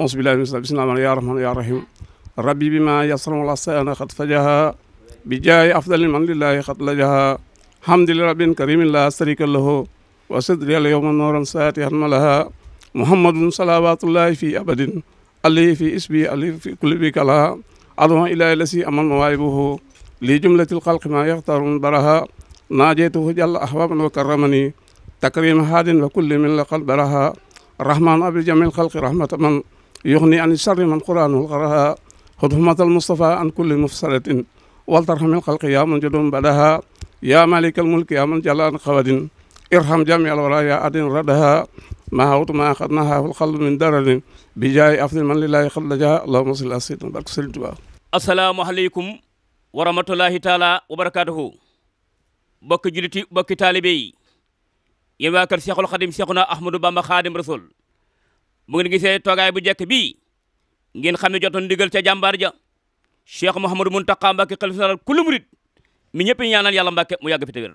aus billahi min satan bismillah ya rahman ya rahim rabbi bima yasram wala sayana xat fajaha bi jaayi afdali man lillahi xat lajaha hamdi li rabbin karimin la sarika lahu wa sadri al yawma nooran saati han malaha muhammadun salawatullahi fi abadin ali fi isbi ali fi kulli bi kala adon ilahi lasi amal mawaibuhu li jumlatil xalqi ma yaxtarun baraha naajeytuhu jàlla ahbaban wa karamani takrim haadin wa kulli min laqal baraha rahman abil jamil xalqi rahmata man yuxni an charri man quraanul qaraha xudhumatal mustafa an kulli mufsadatin waltarhamil xalqi yaa man jodum badaha yaa malikal mulki yaa man jalaan xawadin irham jami alwara yaa adin radaha maa hawtu maa xadnaha ful xalb min dararin bi jaay afdin man lillahi xad dajaha allahuma salli ala sayyidina barke sëriñ Tuubaa asalaamualeykum wa rahmatulahi taala wa barakaatuhu bokki juliti bokki taalibe yi yéen waa kër Seexul Xadim Seexuna Ahmadu Bamba Xaadim Rasul bu ngeen gisee toogaay bu jekk bii ngeen xam ne jotoon ndigal ca jàmbaar ja cheikh Mouhamadou Mountakha Mbacké xalifa général kullu murid mi ñëpp ñu ñaanal yàlla Mbacké mu yàgg fi te wér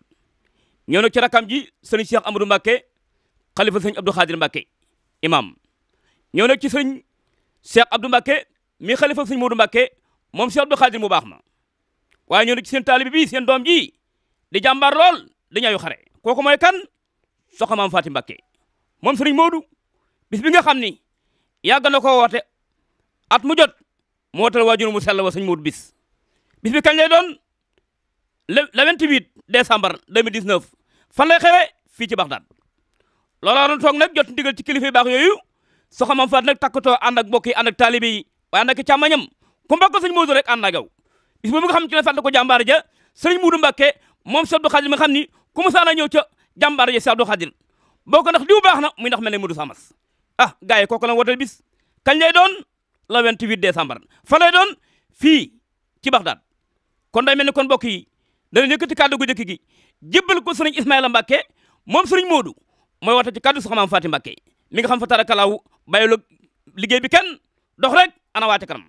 ñëw nag ci rakam ji sëriñ cheikh Amadou Mbacké xalifa sëriñ Abdou Khadir Mbacké imam ñëw ci sëriñ cheikh Abdou Mbacké mi xalifa sëriñ Modou Mbacké moom cheikh Abdou Khadir mu baax ma waaye ñëw ci seen taalibi bii seen doom ji di jàmbaar lool di ñaayu xare kooku mooy kan soxna maam Fatim Mbacké moom bis nga xam ni yàgg na ko woote at mu jot mu wootal waajur mu sell wa sëñ Modou bis bis bi kañ lay doon le 28 décembre 2019 fan lay xewee fii ci Baxdaad loolaa na toog nag jot ndigal ci kilifa yu baax yooyu soxna Mame Fatou nag takkatoo ànd ak mbokk yi ànd ak taalibe yi waaye ànd ak càmmañam ku mbokk sëñ Modou rek ànd ak yow bis boobu nga xam ne ci la fàtte ko jàmbaar ja sëñ Modou Mbacké moom Abdou Khadir mi nga xam ni ku mu saana ñëw ca jàmbaar ja Abdou Khadir boo ko ndax diw baax na muy ndax mel ne Samas ah gars yi kooku la wooteel bis kañ lay doon le 28 décembre fa lay doon fii ci Baxdaad kon day mel ni kon mbokk yi dana nekk kàddu gu njëkk gi jébbal ko sëriñ Ismaïla Mbacke moom sëriñ Modou mooy woote ci kàddu soxna Maam Faati Mbacke mi nga xam fa tarakalaaw bàyyilu liggéey bi kenn dox rek ana waate kanam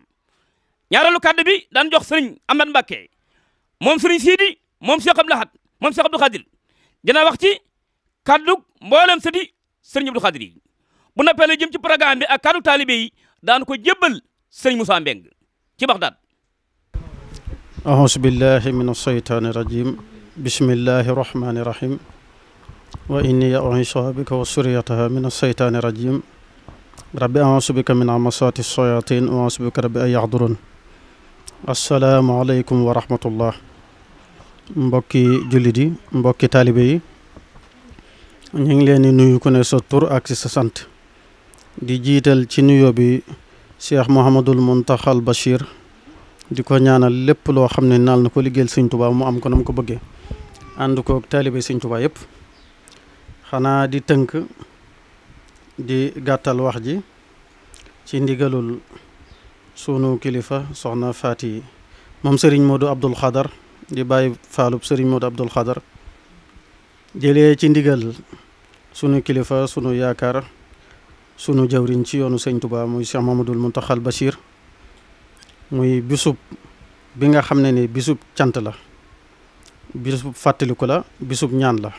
ñaareelu kàddu bi daan jox sëriñ Ahmed Mbacke moom sëriñ Sidi moom Cheikh Abdou Lahad moom Cheikh Abdou Khadir dina wax ci kàddu mboolem sëdi sëriñ Abdou Khadir yi bu noppee la jëm ci programme bi ak kaddu taalibe yi daan ko jébbal sëñ Moussa ci Baxdaad ahousu billahi min alsheytaani irajim bismillahi irrahmani irrahim wa inni u'iizuhaa bika wa suriyataha min alsheytaani irajim rabbi ausu bika min amasati shayatin rabbi an yaxdurun assalaamu aleykum wa rahmatullah mbokki ñu ngi leen di nuyu ku ne sa tur ak si sa di jiital ci nuyo bi cheikh Mouhamadul Muntaxal Bachir di ko ñaanal lépp loo xam ne naal na ko liggéeyal sëñ Tuubaa mu am ko nam ko bëggee ànd koog taalibe sëñ Tuubaa yëpp xanaa di tënk di gàttal wax ji ci ndigalul sunu kilifa soxna Faati moom sëriñ Modou Abdoul Xadar di bàyyi faalub sëriñ Modou Abdoul Xadar jëlee ci ndigal sunu kilifa sunu yaakaar sunu jawriñ ci yoonu sëñ Touba muy Cheikh mu Muntaxal Bachir muy bisub bi nga xam ne ni bisub cant la bisub fàttaliku la bisub ñaan la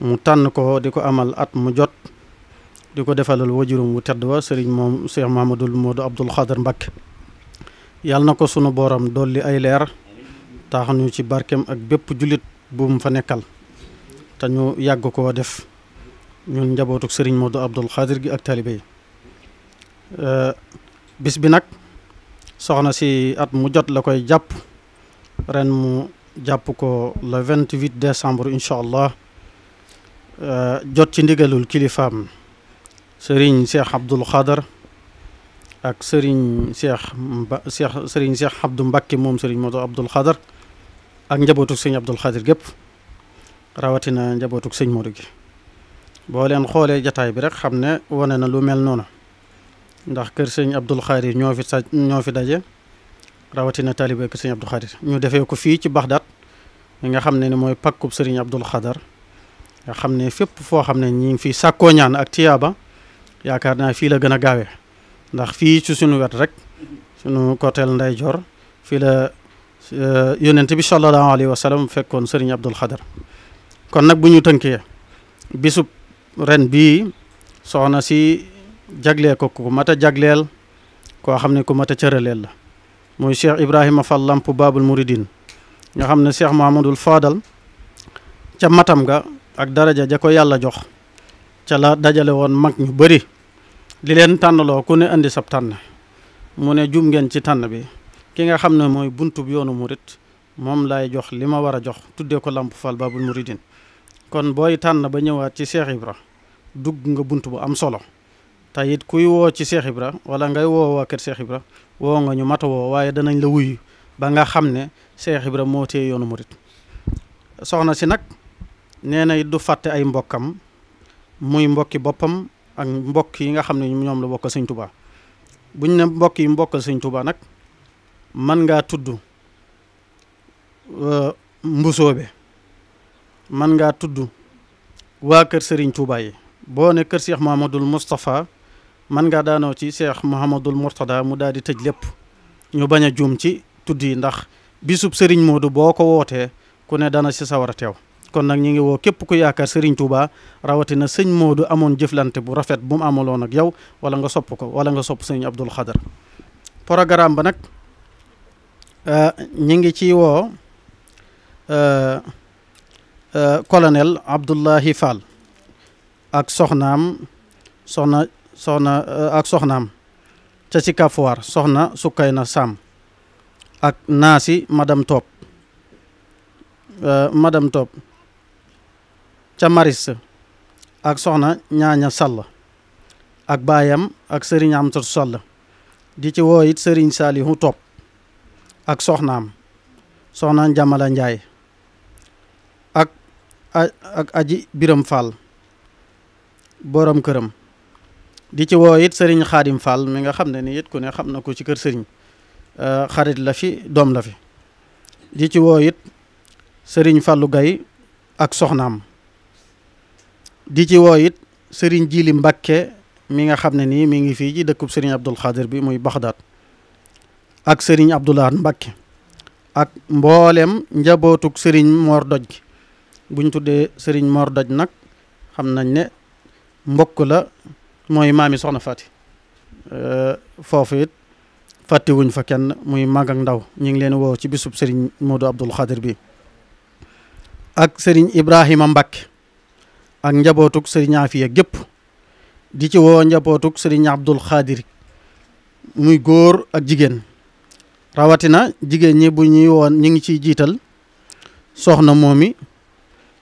mu tànn ko di ko amal at mu jot di ko defalal wajurum wu tedd wa sëriñ moom Cheikh Mamadul Moodu Abdul Xadar Mbakke yàlla na ko sunu booram li ay leer taax ci barkeem ak bépp jullit bu mu fa nekkal dañu yàgg koo def ñun njabootuk sëriñ Modou Abdoul Khadir gi ak taalibe yi euh, bis bi nag soxna si at mu jot la koy jàpp ren mu jàpp ko le vingt-huit décembre incha allah euh, jot ci ndigalul kilifaam sëriñ Cheikh Abdoul Khadir ak sëriñ Cheikh Mba Cheikh sëriñ Cheikh Abdou Mbacké moom sëriñ Modou Abdoul Khadir ak njabootuk sëñ Abdoul Khadir gépp rawatina njabootuk sëñ Modou gi boo leen xoolee jataay bi rek xam ne wane na lu mel noonu ndax kër sëñ Abdul Xaadir ñoo fi sa ñoo fi daje rawatina taalibe kër sëñ Abdul defee ko fii ci Baxdaad mi nga xam ne ni mooy pakkub sëriñ Abdul Xadar nga xam ne fépp foo xam ne ñi ngi fi sàkkoo ñaan ak tiyaaba yaakaar naa fii la gën a gaawee ndax fii ci suñu wet rek suñu koteel nday jor fii la eh, yonent bi sallallahu alayhi wa sallam fekkoon sëriñ Abdul Xadar kon nag bu ñu tënkee bisub ren bii soxna si jaglee ko ku mat a jagleel koo xam ne ku mat a cëraleel la muy cheikh ibrahima fall lamp babul muridin nga xam ne cheikh mahamadul faadal ca matam ga ak daraja ja ko yàlla jox ca la dajale woon mag ñu bëri li leen tànnaloo ku ne indi sab tànn mu ne jum ngeen ci tànn bi ki nga xam ne mooy buntub yoonu murit moom laay jox li ma war a jox tuddee ko lamp fall babul muridin kon booy tànn ba ñëwaat ci Cheikh Ibra dugg nga bunt bu am solo te it kuy woo ci Cheikh Ibra wala ngay woo waa kër Cheikh Ibra woo nga ñu mata woo waaye danañ la wuy ba nga xam ne Cheikh Ibra moo téye yoonu murit soxna si nag nee na it du fàtte ay mbokkam muy mbokki boppam ak mbokk yi nga xam ne ñoom la bokkal sëñ Tuubaa buñ ne mbokk yi mbokkal sëñ Tuubaa nag mën ngaa tudd euh, mbusoobe man ngaa tudd waa kër Serigne Touba yi boo ne kër Cheikh Mouhamadul Moustapha man ngaa daanoo ci Cheikh Mouhamadul Mourtada mu daal di tëj lépp ñu bañ a juum ci tudd yi ndax bisub Serigne Modou boo ko wootee ku ne daana si sawar a teew kon nag ñu ngi woo képp ku yaakaar Serigne Touba rawatina sëñ Modou amoon jëflante bu rafet bu mu amaloon ak yow wala nga sopp ko wala nga sopp sëñ Abdoul Khadar programme ba nag euh, ñu ngi ci woo. Euh, Euh, colonel Abdoulahi Fall ak soxnaam soxna soxna euh, ak soxnaam ca Sicap Foire soxna na Sam ak naasi madame Top euh, madame Top ca Maris ak soxna ñaaña Sall ak baayam ak sëriñ Amsatu Sall di ci woo sëriñ Saalihu Top ak soxnaam soxna Njamala Njaay ak aji biram Fall borom këram di ci woo it sëriñ xaadim Fall mi nga xam ne ni it ku ne xam na ko ci kër sëriñ euh, xarit la fi doom la fi di ci woo it sëriñ Fallou Gaye ak soxnaam di ci woo it sëriñ jiili Mbakke mi nga xam ne nii mi ngi fii ji dëkkub sëriñ Abdul Xaadir bi muy Baxdaad ak sëriñ Abdoulahat Mbakke ak mboolem njabootug sëriñ Mor Doj gi buñ tuddee sëriñ Mor Doj nag xam nañ ne mbokk la mooy maami soxna Fati euh, foofu it fàttewuñ fa kenn muy mag ndaw ñu ngi leen woo ci bisub sëriñ Modou Abdoul Khadir bi ak sëriñ Ibrahima Mbacke ak njabootug sëriñ Afia gépp di ci woo njabootug sëriñ Abdoul Khadir muy góor ak jigéen rawatina jigéen ñi bu ñuy woon ñu ngi ciy jiital soxna moomi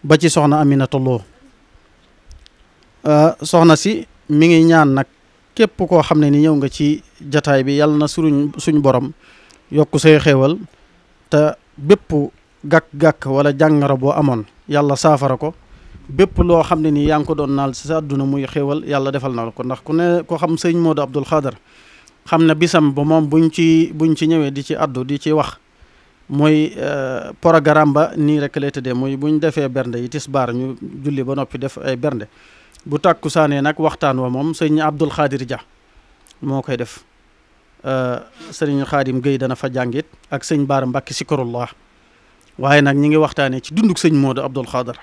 ba ci soxna Aminata Lo euh, soxna si mi ngi ñaan nag képp koo xam ne ni ñëw nga ci jataay bi yàlla na suruñ suñ borom yokk say xéewal te bépp gàkk-gàkk wala jàngara boo amoon yàlla saafara ko bépp loo xam ne ni yaa ngi ko doon naal si sa àdduna muy xéewal yàlla defal na la ko ndax ku ne ko xam sëñ Modou Abdoul Xadar xam ne bisam ba moom buñ ci buñ ci ñëwee di ci addu di ci wax mooy euh, programme ba nii rek lay tëddee muy bu ñu defee bernde yi tisbaar ñu julli ba noppi def ay bernde bu tàkku saanee nag waxtaan wa moom sëñ Abdul Xaadir Dia moo koy def euh, sëriñ Xaadim Guèye dana fa jàngit ak sëñ Baara Mbàkke Sikorullah waaye nag ñi ngi waxtaanee ci dunduk sëñ Modou Abdul Xaadir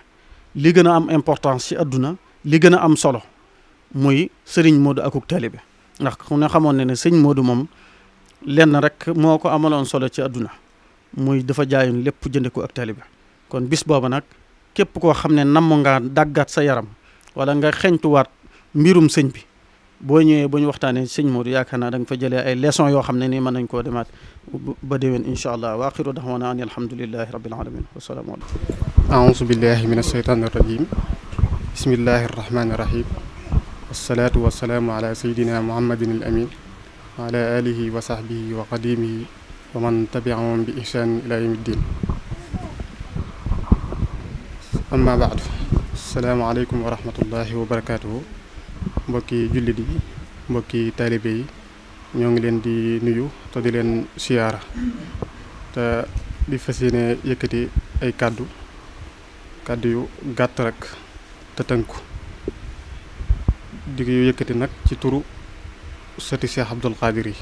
li gën a am importance ci adduna li gën a am solo muy sëriñ Modou akuk taalibe ndax ku ne xamoon na ne sëñ moodu moom lenn rek moo ko amaloon solo ci àdduna muy dafa jaayoon lépp jënde ko ak taalibe kon bis booba nag képp koo xam ne namm nga daggaat sa yaram wala nga xeñtuwaat mbirum sëñ bi boo ñëwee bu ñu waxtaanee sëñ Modou yaakaar naa da fa jëlee ay leçon yoo xam ne ni mën nañ koo demaat ba déwén incha allah wa axiru daxwaana ani alhamdulilahi rabil alamin wasalaamu aleykum aousu billahi min asheytaani irrajim bismillahi arrahmani irrahim wasalaatu wasalaamu ala sayidina muhammadin al amin wa ala alihi wa wa man tabiahum bi ihsaan ila yawmi ddin amma baadu salaamaaleykum wa rahmatullahi wa barakaatuhu mbokki jullit yi mbokki taalibe yi ñoo ngi leen di nuyu te di leen siyaara te di fas yéene yëkkati ay kàddu kàddu yu gàtt rek te tënku di ko yëkkati nag ci turu sëti Cheikh Abdoul Khadir yi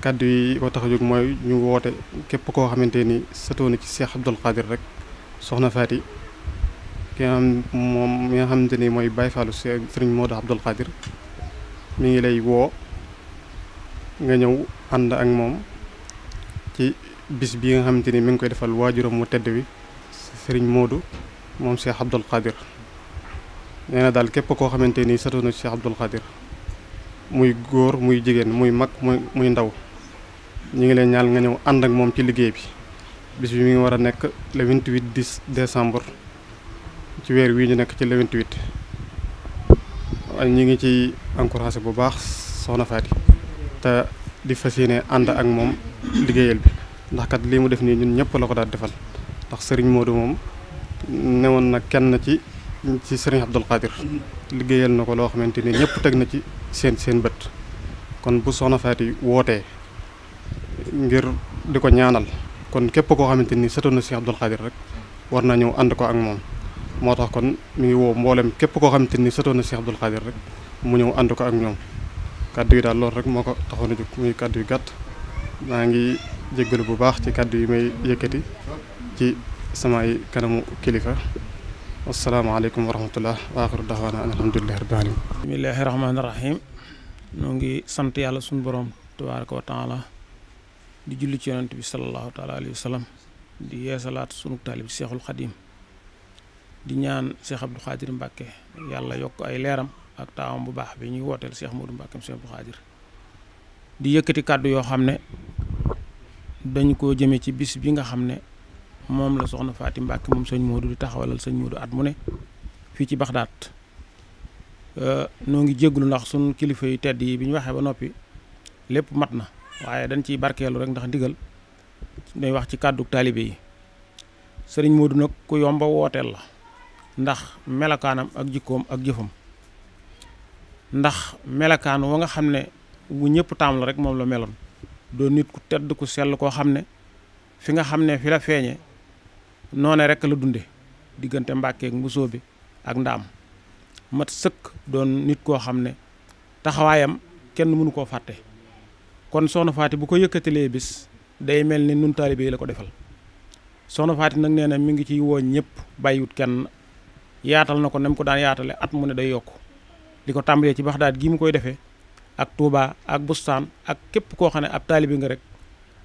kàddu yi ko tax a jóg mooy ñu woote képp koo xamante ni sëtoo na ci Cheikh Abdoul Khadir rek soxna Faty ki moom mi nga xamante ni mooy Baye Fallou Sëriñ Modou Abdoul Khadir mi ngi lay woo nga ñëw ànd ak moom ci bis bi nga xamante ni mi ngi koy defal waajuram mu tedd wi Sëriñ Modou moom Cheikh Abdoul Khadir nee na daal képp koo xamante ni sëtoo na ci Cheikh Abdoul Khadir muy góor muy jigéen muy mag muy muy ndaw ñu ngi leen ñaal nga ñëw ànd ak moom ci liggéey bi bis bi mi ngi war a nekk le 28 10 décembre ci weer wii ñu nekk ci le 28 waaye ñu ngi ci encouragé bu baax soxna Faty te di fas yéene ànd ak moom liggéeyal bi ndax kat lii mu def nii ñun ñëpp la ko daal defal ndax sëriñ Modou moom newoon na kenn ci. ci sëriñ Abdul Qadir liggéeyal na ko loo xamante ni ñëpp teg na ci seen seen bët kon bu soxna Faati wootee ngir di ko ñaanal kon képp koo xamante ni sëtoon na sëriñ Abdul Qadir rek war na ñëw ànd ko ak moom moo tax kon mi ngi woo mboolem képp koo xamante ni sëtoon na sëriñ Abdul Qadir rek mu ñëw ànd ko ak ñoom kàddu yi daal loolu rek moo ko taxoon a jóg muy kàddu yu gàtt maa ngi jéggalu bu baax ci kàddu yi may yëkkati ci samay kanamu kilifa asalaamaaleykum wa rahmatullah wa axiru daxwaana an rahim noo ngi sant yàlla suñu boroom tabaraka wa taala di julli ci yonent bi salallahu wa sallam di yeesalaat sunu taalib seexul xadim di ñaan seex abdu xaadir mbàkke yàlla yokk ay leeram ak taawam bu baax bi ñuy wooteel seex moodu mbàkkem seex abdu xaadir di yëkkati kàddu yoo xam ne dañ ko jëme ci bis bi nga xam ne moom la soxna Faati Mbàkke moom sëñ Moodu di taxawalal sëñ Moodu at mu ne fii ci Baxdaat euh, noo ngi jégglu ndax suñ kilifa yu tedd yi bi ñu waxee ba noppi lépp mat na waaye dañ ciy barkeelu rek ndax ndigal day wax ci kàddu taalibe yi sëriñ Moodu nag ku yomba wooteel la ndax melakaanam ak jikkoom ak jëfam ndax melakaan wa nga xam ne wu ñëpp taam la rek moom la meloon doon nit ku tedd ku sell koo xam ne fi nga xam ne fi la feeñe noone rek la dunde diggante Mbàkke ak bi ak Ndaam mat sëkk doon nit koo xam ne taxawaayam kenn mënu koo fàtte kon soxna Faati bu ko yëkkatalee bis day mel ni nun taalibe yi la ko defal soxna Faati nag nee na mi ngi ciy wooñ ñëpp bàyyiwut kenn yaatal na ko nem ko daan yaatale at mu ne day yokk li ko tàmbalee ci Baxdaad gi mu koy defee ak Touba ak Bustaan ak képp koo xam ne ab taalibe nga rek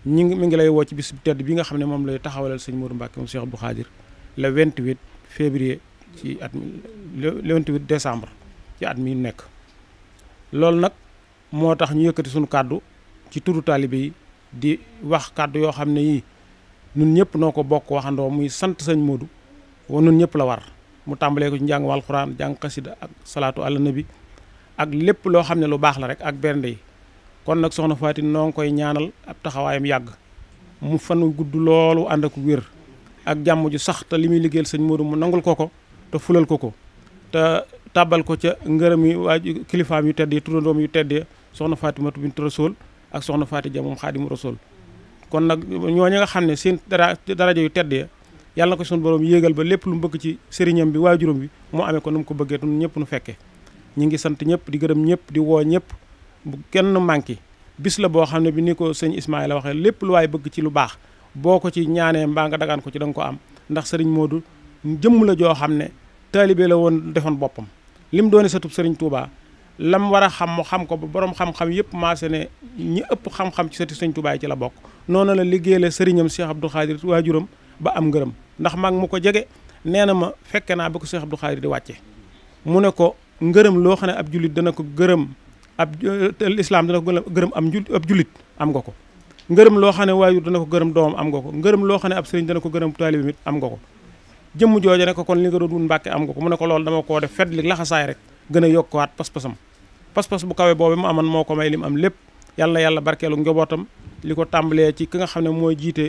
ñi ngi mi ngi lay woo ci bis bu tedd bi nga xam ne moom lay taxawalal sëñ Modou Mbacke moom Cheikh Abdou Khadir le 28 février ci at mi le 28 décembre ci at mi nekk loolu nag moo tax ñu yëkkati suñu kàddu ci turu taalibe yi di wax kàddu yoo xam ne yii nun ñëpp noo ko bokk waxandoo muy sant sañ Modou wa nun ñëpp la war mu tàmbalee ko ci njàng alxuraan jàng xasida ak salaatu àla bi ak lépp loo xam ne lu baax la rek ak bernde yi kon nag soxna Faty noo ngi koy ñaanal ab taxawaayam yàgg mu fan gudd loolu ànd ak wér ak jàmm ju sax te li muy liggéeyal sëñ Modou mu nangul ko ko te fulal ko ko te tàbbal ko ca ngërëm yi waa kilifaam yu tedd yi turandoom yu tedd yi soxna Fatimatu ak soxna Faty Dia moom Xaadimu Rasul kon nag ñooñu nga xam ne seen dara daraja yu tedd ya yàlla ko suñu borom yéegal ba lépp lu mu bëgg ci sëriñam bi waajuram bi mu ame ko nu mu ko bëggee ñun ñëpp nu fekkee ñu ngi sant ñëpp di gërëm ñëpp di woo ñëpp bu kenn manqué bis la boo xam ne bi ni ko sëñ Ismaïla waxee lépp lu waay bëgg ci lu baax boo ko ci ñaanee mbaa nga dagaan ko ci danga ko am ndax sëriñ moo du jëmm la joo xam ne taalibe la woon defoon boppam lim doone satub sëriñ Touba lam war a xam mu xam ko ba borom xam-xam yëpp maase ne ñi ëpp xam-xam ci sati sëriñ Touba yi ci la bokk noonu la liggéeyale sëriñam Cheikh Abdou Khadir waajuram ba am ngërëm ndax mag mu ko jege nee na ma fekke naa ba ko Cheikh Abdou Khadir di wàcce mu ne ko ngërëm loo xam ne ab jullit dana ko gërëm ab euh, lislaam dana ko gërëm am ju ab am nga ko ngërëm loo xam ne waajur dana ko gërëm doomam am nga ko ngërëm loo xam ne ab sëriñ dana ko gërëm taalibe it am nga ko jëmm jooja ne ko kon li nga doon wut mbàkke am nga ko mu ne ko loolu dama koo def fet li laxasaay rek gën a yokkuwaat pas-pasam pas-pas bu kawe boobu mu aman moo ko may li mu am lépp yàlla yàlla barkeelu njobootam li ko tàmbalee ci ki nga xam ne mooy jiite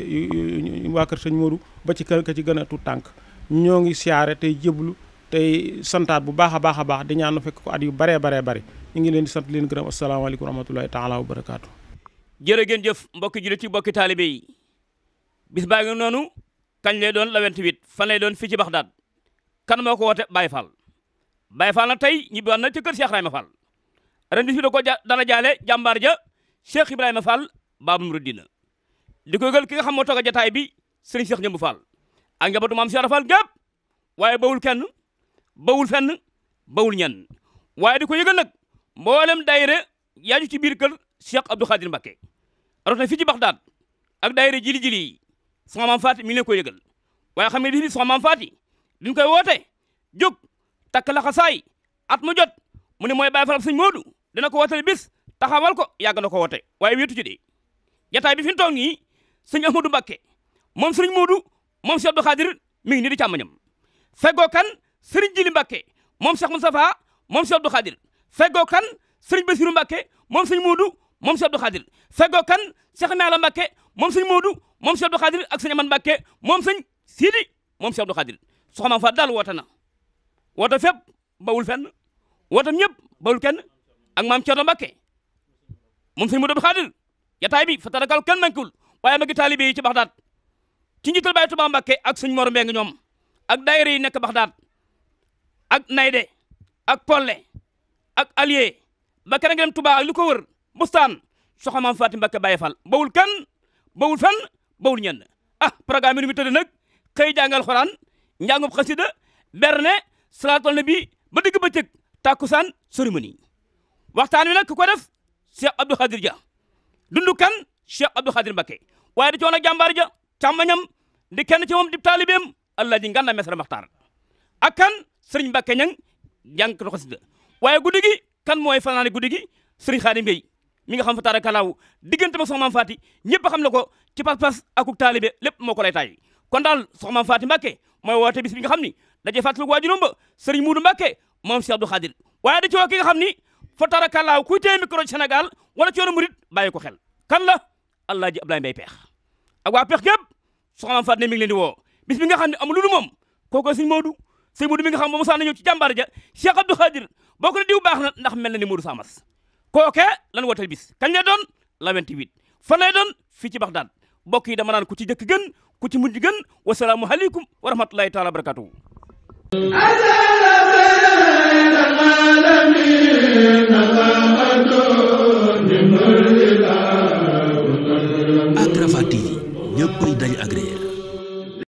waa kër sëñ Modou ba ci kër ka ci gën a tànk ñoo ngi siyaare tey jéblu tey santaat bu baax baax a baax di ñaanu fekk ko at yu baree baree bari ñu ngi leen di sant leen gërëm asalaamaaleykum wa rahmatulahi taala wa barakaatu. jërë ngeen jëf mbokki jullit yi mbokki taalibe yi bis baa ngi noonu kañ lay doon la 28 fan lay doon fii ci Baxdaad kan moo ko woote Baye Fall Baye Fall na tey ñibbi woon na ci kër Cheikh Ibrahima Fall ren di fi da ko dara jaale jàmbaar ja Cheikh Ibrahima Fall Baabul Muridiina di ko yëgal ki xam moo toog jataay bi sëriñ Cheikh Njëmbu Fall ak njabootu maam Cheikh Fall gépp waaye bawul kenn bawul fenn bawul ñenn waaye di ko yëgal nag mboolem daayira yaaju ci biir kër Cheikh Abdou Khadir Mbacké rawatina fii ci Baxdaad ak daayira jili jili yi sama maam Faati mi ngi ko koy yëgal waaye xam ne di sama maam Faati duñ koy woote jóg takk la xasaay at mu jot mu ne mooy bàyyi faram sëñ Moodu dana ko wooteel bis taxawal ko yàgg na ko woote waaye wéetu ci de jataay bi fi mu toog nii sëñ Amadou moom sëriñ Moodu moom Cheikh Abdou Khadir mi ngi nii di càmmañam Jili Mbacké moom Cheikh Moustapha moom Cheikh Abdou feggoo kan sëriñ Bassirou Mbacké moom sëñ Moodu moom sëñ Abdou Khadir feggoo kan Cheikh Naala Mbacké moom sëñ Moodu moom sëñ Abdou Khadir ak sëñ Aman Mbacké moom sëñ Sidi moom sëñ Abdou Khadir soxna Fatou daal woote na woote fépp bawul fenn wootam ñëpp bawul kenn ak maam Thierno Mbacké moom sëñ Moodu Abdou Khadir yataay bi fa tarakal kenn mankiwul waaye magi taalibe yi ci Baxdaad ci njiital Baay Tuubaa Mbacké ak sëñ Mor Mbeng ñoom ak daayira yi nekk Baxdaad ak Nayde ak Polle ak allié ba keneen nga ak lu ko wër bustaan soxna maam Fatim Mbacké Baye Fall bawul kan bawul fan bawul ñenn ah programme bi nu mu tëddee nag xëy jàngal xoraan njàngum xasida berne salaatul nabi ba digg bëccëg tàkkusaan cérémonie waxtaan wi nag ku ko def Cheikh Abdou Khadir Dia dundu kan Cheikh Abdou Khadir Mbacké waaye da coono jàmbaar ja càmmañam di kenn ci moom di taalibeem allah ji ngan na mesara maxtaar ak kan sëriñ Mbacké ñang jàng ko xasida waaye guddi gi kan mooy fanaane guddi gi sëriñ Xaadim Mbay mi nga xam fa taarakalaaw diggante ma soxna maam Faati ñëpp xam na ko ci pas-pas akuk taalibe lépp moo ko lay taay kon daal soxna maam Faati Mbàkke mooy woote bis bi nga xam ni dajee fàttaliku waajuram ba sëriñ Muudu Mbàkke moom Cheikh Abdou Khadir waaye da ci woo ki xam ni fa taarakalaaw kuy téye micro ci Sénégal wala ci yoonu murit bàyyi ko xel kan la Alaaji Ablaye Mbay Peex ak waa Peex gépp soxna maam Faati di woo bi nga xam ne amul lu moom kooku sëriñ Moodu sëñ Modou mi nga xam ba Moussa na ñëw ci jàmbaar ja Cheikh Abdou Khadir boo ko diw baax na ndax mel na ni Modou Samas kooke lan wooteel bis kañ lay doon la 28 fan lay doon fii ci Baxdaad mbokk yi dama naan ku ci jëkk gën ku ci mujj gën wasalaamu aleykum wa rahmatullahi taala wa barakatuhu Rafah ñëppay dañ agréé